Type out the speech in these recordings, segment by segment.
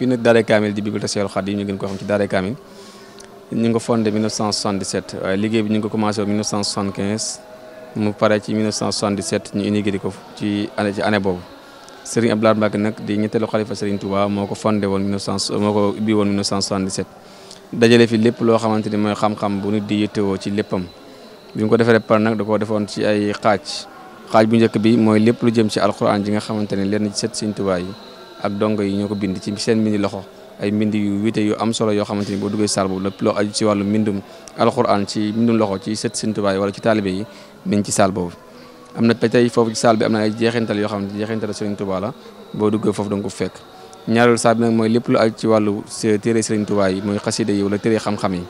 fii nag Daaray Kamil di bibliothèque Cheikhoul Khadim ñu gën ko xam ci Daaray Kamil ñu ngi ko fondé 1977 waaye liggéey bi ñu ngi ko commencé woon 1975 mu pare ci 1977 ñu inauguré ko ci année ci année boobu Serigne Abdoulaye Mbacke nag di ñetteelu xalifa Serigne Touba moo ko fondé woon moo ko ubbi woon 1977 dajale fi lépp loo xamante ni mooy xam-xam bu nit di yittewoo ci léppam bi mu ko defee koo defoon ci ay xaaj xaaj bu njëkk bi mooy lépp lu jëm ci alxuraan ji nga xamante ne lenn ci set Serigne Touba yi ak dongo yi ñoo ko bind ci seen mbindi loxo ay mbind yu wite yu am solo yoo xamante ni boo duggee saar boobu lépp loo aju ci wàllu mbindum alxuraan ci mbindum loxo ci sët Sëñ Tuubaa wala ci taalibe yi mi ngi ci saal boobu am na tey foofu ci saal bi am na ay jeexintal yoo xam ne jeexintal Sëriñ Tuubaa la boo duggee foofu danga ko fekk ñaareelu saal bi nag mooy lépp lu aju ci wàllu téere Sëriñ Tuubaa yi mooy xasida yi wala téere xam-xam yi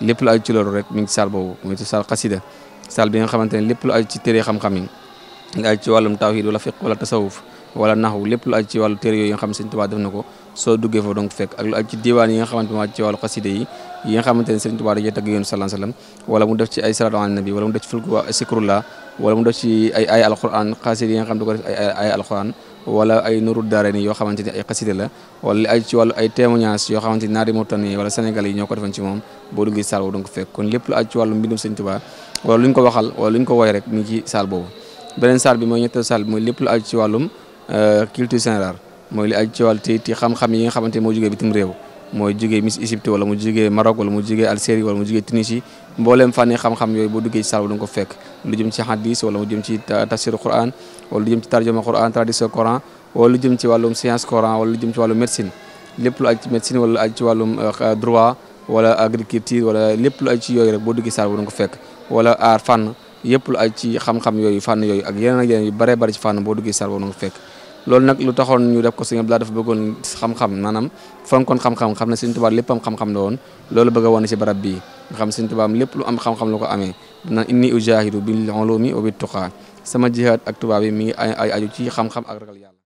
lépp lu aju ci loolu rek mi ngi ci saal boobu mooy ci saal xasida saal bi nga xamante ne lépp lu aju ci téere xam-xam yi nga aju ci wàllum tawhid wala fiq wala tasawuf wala naxwu lépp lu aj ci wàllu yooyu nga xam Sëriñ Tuubaa def na yi nga xamante moo aj ci wàllu xaside mu def ci ay ay alquran xaside yi nga ko def ay ay alquran wala ay nuru daara ni yoo xamante ni ay xaside la wala li aj ci wàllu ay yoo xamante ni naari Mauritanie wala Sénégal yi ñoo ko defoon ci moom boo duggee saal boobu donc fekk kon lépp lu aj ci mbindum Sëriñ Tuubaa wala lu ñu ko waxal wala lu Euh, culture générale mooy li aju ci wàllu ci xam-xam yi nga xamante moo jógee bitim réew mooy jógee Miss Égypte wala mu jógee Maroc wala mu jógee Algérie wala mu jógee Tunisie mbooleem fànni xam-xam yooyu boo duggee ci saal ba da nga ko fekk lu jëm ci hadis wala mu jëm ci tafsiru Quran wala lu jëm ci tarjuma Quran tradition Coran wala lu jëm ci wala lu jëm euh, wala lépp lu yooyu rek boo duggee saal ba ko fekk wala aar fànn yëpp lu aju ci xam-xam yooyu fànn yooyu ak yeneen ak yeneen bare bare ci fànn boo duggee saal ba da fekk loolu nag lu taxoon ñu def ko sëñ Abdou Lahad dafa bëggoon xam-xam maanaam fonkoon xam-xam xam ne sëñ Tuubaa léppam xam-xam la woon loolu bëgg a woon ci barab bii nga xam sëñ Tuubaa lépp lu am xam-xam la ko amee na inni ujahidu bil ulumi wa bit tuqa sama jihaad ak tubaab yi mi ngi ay aju ci xam-xam ak ragal yàlla